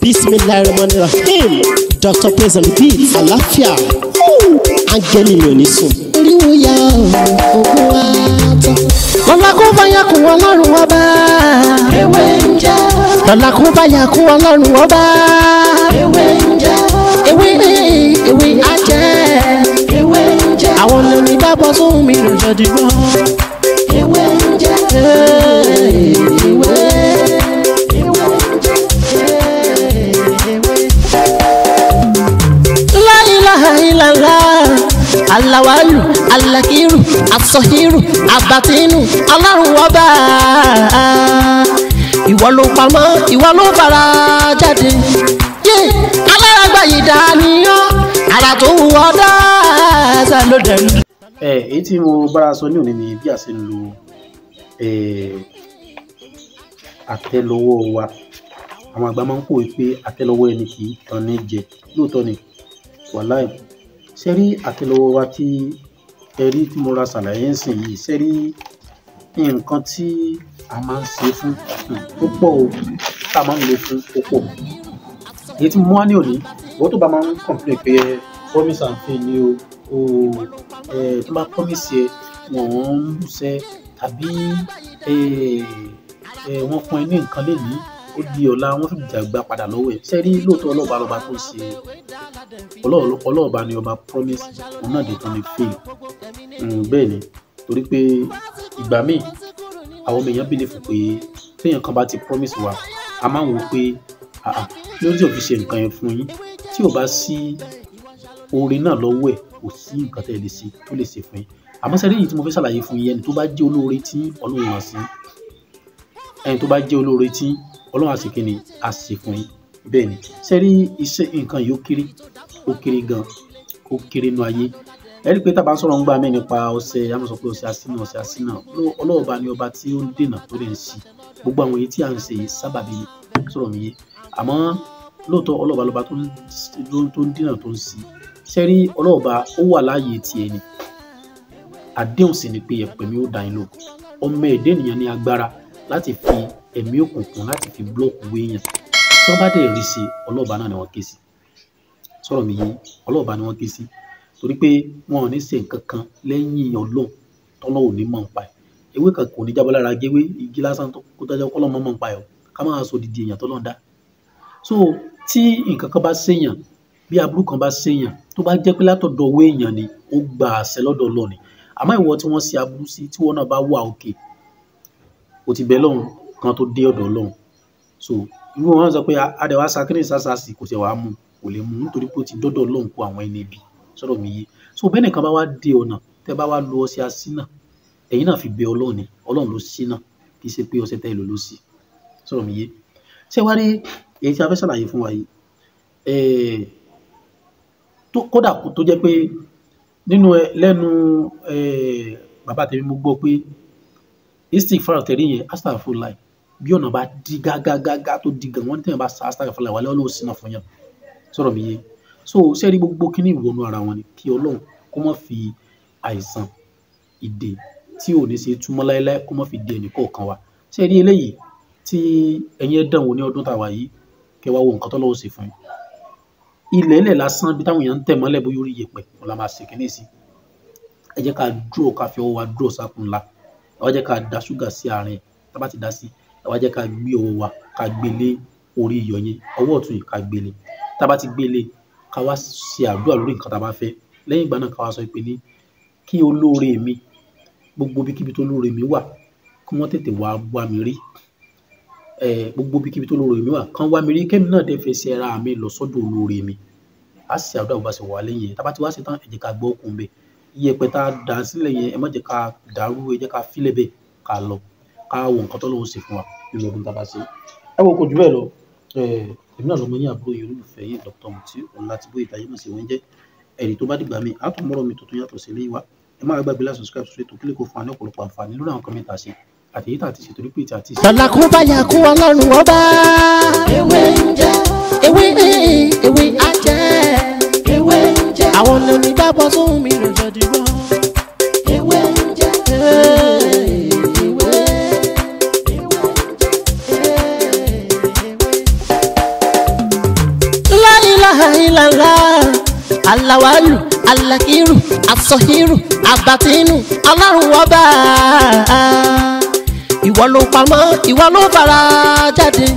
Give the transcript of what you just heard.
bismillahirrahmanirrahim dr praise on the beat Alafia, áńgẹ́lì mi ò ní sùn. oríwó ya òkú wa tán. ọ̀la kó bá ya kún ọlọ́run ọba. ewé ń já. ọ̀la kó bá ya kún ọlọ́run ọba. ewé ń já. ewé ewé ajẹ́. ewé ń já. àwọn lè rí bá bọ́ sóhun mi lò jáde awalu alakiru asọhiru abatinu ọlọ́run ọba ìwọ ló pamọ́ ìwọ ló fara jáde yé alárágbá yìí dáníyàn ara tó wù ọ́ dáadáa ló dẹnu. ẹ èyí tí mo bára sọ ní òní ni bí a ṣe lo àtẹ́lẹwọ́ wa àwọn àgbà máa ń pòwe pé àtẹ́lẹwọ́ ẹni kì í tan ní jẹ lóòótọ́ ni wàláì sẹ́rí àtẹ́lẹwọ́ wa tí ẹ rí tí mo ra ṣàlàyé ń sìn yìí sẹ́rí nǹkan tí a máa ń ṣe fún hmm, ó o tá a máa ń lò fún ó pọ̀ èyí tí mo wá ní òní ìwọ́n tó bá máa ń kọ̀m̀pìlẹ̀ pé ẹ promise and fail ni o o ẹ tó bá promise ẹ wọ́n ń bùṣẹ́ tàbí ẹ ẹ wọ́n fún ẹ ní nǹkan lè ní ó di ọ̀la wọ́n fi dàgbà padà lọ́wọ́ ẹ̀ sẹ́rí lóòótọ́ ọlọ́ba lọ́ba tó ń ṣe ọlọ́ọ̀ba ni ọba promise òun náà dé tán ni fail mm, bẹ́ẹ̀ ni torí pé ìgbà míì àwọn ọmọ èèyàn bìlẹ̀ fún pé téèyàn kan bá ti promise wa a máa ń wò pé àà lórí tí ò fi ṣe nǹkan yẹn fún yín tí ò bá sí orin náà lọ́wọ́ ẹ̀ kò sí nǹkan tẹ́ ẹ lè ṣe tó lè ṣe fún yín àmọ́ sẹ́rí yìí tí mo fẹ́ ṣàlàyé fún yín ẹni tó bá jẹ́ olóore tí ọlọ́run hàn sí ẹni tó bá jẹ́ olóore tí ọlọ́run àṣekínni bẹ́ẹ̀ ni sẹ́rí iṣẹ́ nǹkan yìí ó ó kéré gan ó kéré nu ayé ẹ rí i pé tá a bá ń sọ̀rọ̀ ń gbà mí nípa ọ̀sẹ̀ a máa sọ pé ọ̀sẹ̀ àsínà ọ̀sẹ̀ àsínà ọlọ́wọ́ bá ní ọba tí ó ń dènà tó lè ń ṣí gbogbo àwọn èyí tí à ń ṣe sábàbí sọ̀rọ̀ mi yé àmọ́ lóòótọ́ ọlọ́ọ̀bá lọ́ba tó ń dènà tó ń ṣí sẹ́rí ọlọ́ọ̀bá ó wà láàyè tiẹ̀ ni àdéhùn sì ni pé ẹ̀pẹ̀ mi ó dá yín lò ọmọ ẹ̀dẹ́ ènìyàn ní agbára láti fi ẹ̀mí òkùnkùn láti fi búlọ̀kù wéèyàn tí wọ́n bá dẹ̀ rí sí ọlọ́ọ̀bá náà ni wọ́n ké sí sọ̀rọ̀ mi yìí ọlọ́ọ̀bá ni wọ́n ké sí torí pé wọn ò ní ṣe nǹkan kan lẹ́yìn ọlọ́ọ̀ tọ́lọ́ ò ní mọ̀ nípa ẹ̀ ewé kan kò ní jábọ́ lára géwé igi lásán kó tọ́jà kọ́ lọ́mọ mọ̀ nípa ẹ̀ ká máa sọ didi èèyàn tọ́lọ́ dá so tí nǹkan kan bá séèyàn bí aburú kan bá séèyàn tó bá jẹ́ pé látọ̀dọ̀ owó èèyàn ni ó gba àṣẹ lọ́dọ̀ lọ́ni àmọ́ ìwọ tí wọ́n ṣe aburú sí tí wọ́n náà bá wà òkè ó ti bẹ lọ́hùn kan tó dé ọ̀dọ̀ lọ́hùn so irú wọn sọ pé adẹ̀wà sakiri sásàsì kò ṣẹ̀ wàá mú un kò lè mú nítorí pé ó ti dọ́dọ̀ lọ́hùn kó àwọn ẹni ibi sọ̀rọ̀ mi yé so bẹ́ẹ̀ nìkan bá wá dé ọ̀nà tẹ́ bá wá lo ọṣẹ asínà ẹ̀yin náà fi bẹ ọlọ́run ni ọlọ́run ló sínà kì í ṣe pé ọṣẹ tẹ́ ẹ lò ló sí sọ̀rọ̀ mi yé ṣé wá rí èyí tí a fẹ́ ṣàlàyé fún wa yìí kódà tó jẹ́ pé nínú lẹ́nu bàbá tèmi mo gbọ́ pé istighfar tẹ̀rí yẹn astaghfirullah bí ọ̀nà bá di gágágágá tó di gan wọ́n tẹ̀yìn bá sa astaghfirullah wà lọ́wọ́ ló sínà fún yàn sọ̀rọ̀ mi yé so sẹ́ẹ̀rí gbogbo kíní ìwọ̀nú ara wọn ni kí ọlọ́run kó má fi àìsàn ìdè tí ò ní ṣe túmọ̀ láéláé kó má fi dè ẹnìkọ̀ọ̀kan wa sẹ́ẹ̀rí eléyìí tí ẹ̀yin ẹ̀dàn wò ní ọdún tàwa yìí kẹ́ wá wo nǹkan tọ́lọ́wọ́ ṣe fún yín ilẹ̀ ilẹ̀ lásán bí táwọn èèyàn ń tẹ̀ mọ́lẹ̀ bóyá orí yẹpẹ̀ wọn la máa ṣe kíní sí ẹ jẹ́ ká dúró ká fi ọwọ́ wa dúró sákùn ńlá ẹ wá jẹ́ ká da ṣúgà sí àárín ẹ̀ tá bá ti da sí ẹ wá jẹ́ ká gbé ọwọ́ wa ká gbélé orí iyọ̀ yẹn ọwọ́ ọ̀tún yìí ká gbélé tá a bá ti gbélé ká wá ṣe àdúrà lórí nǹkan tá a bá fẹ́ lẹ́yìn ìgbà náà ká wá sọ pé ní kí olóore mi gbogbo ibikíbi tó lóore mi wà kí wọ́n tètè wá wá mi rí gbogbo ibikíbi tó lóore mi wà kán wá mi rí kẹ́mi náà dé fẹ́ ṣe ara mi lọ sọ́dọ̀ olóore mi a sì àdúrà bó bá ṣe wà lẹ́yìn yẹn tá a bá ti wá ṣe tán ẹ jẹ́ ká gbọ́ okùn bẹ́ẹ̀ iyẹ̀pẹ̀ tá a dà sílẹ̀ yẹn ẹ má jẹ́ ká dàrú ẹ jẹ́ ká fílẹ̀ bẹ́ẹ̀ ká lọ ká wo nǹkan tó lóun ṣe fún wa nínú ọdún tá a bá ṣe ẹ wo kò jù bẹ́ẹ̀ lọ èmi náà lọmọ yín àbúrò yín olólùfẹ́ yín Dr. Mutiu Ọlátíbóyè ìtayémọ̀sí wọn jẹ́ ẹ̀rí tó bá dìgbà mi àtúmọ̀rọ̀ mi tuntun yàtọ̀ sí ilé wa ẹ má gbàgbé láti subscribe sórí ètò kílíkò fún àní ọ̀pọ̀lọpọ̀ àǹfààní lórí àwọn kọ́mẹ́ntà sí àtẹ̀yí tà àti ṣètò rípìtì àti. tàlàkùn báyà kú ọlọ́run ọba. ewé ń jẹ ewé ń ewé á jẹ ewé ń jẹ. àwọn lónìí dábọ̀ sóhun mi rẹ̀ jẹ́ dìbò. lala alawalu alakiru asọhiru abatinu ọlọ́run wọba ìwọ ló pamọ́ ìwọ ló fara jáde.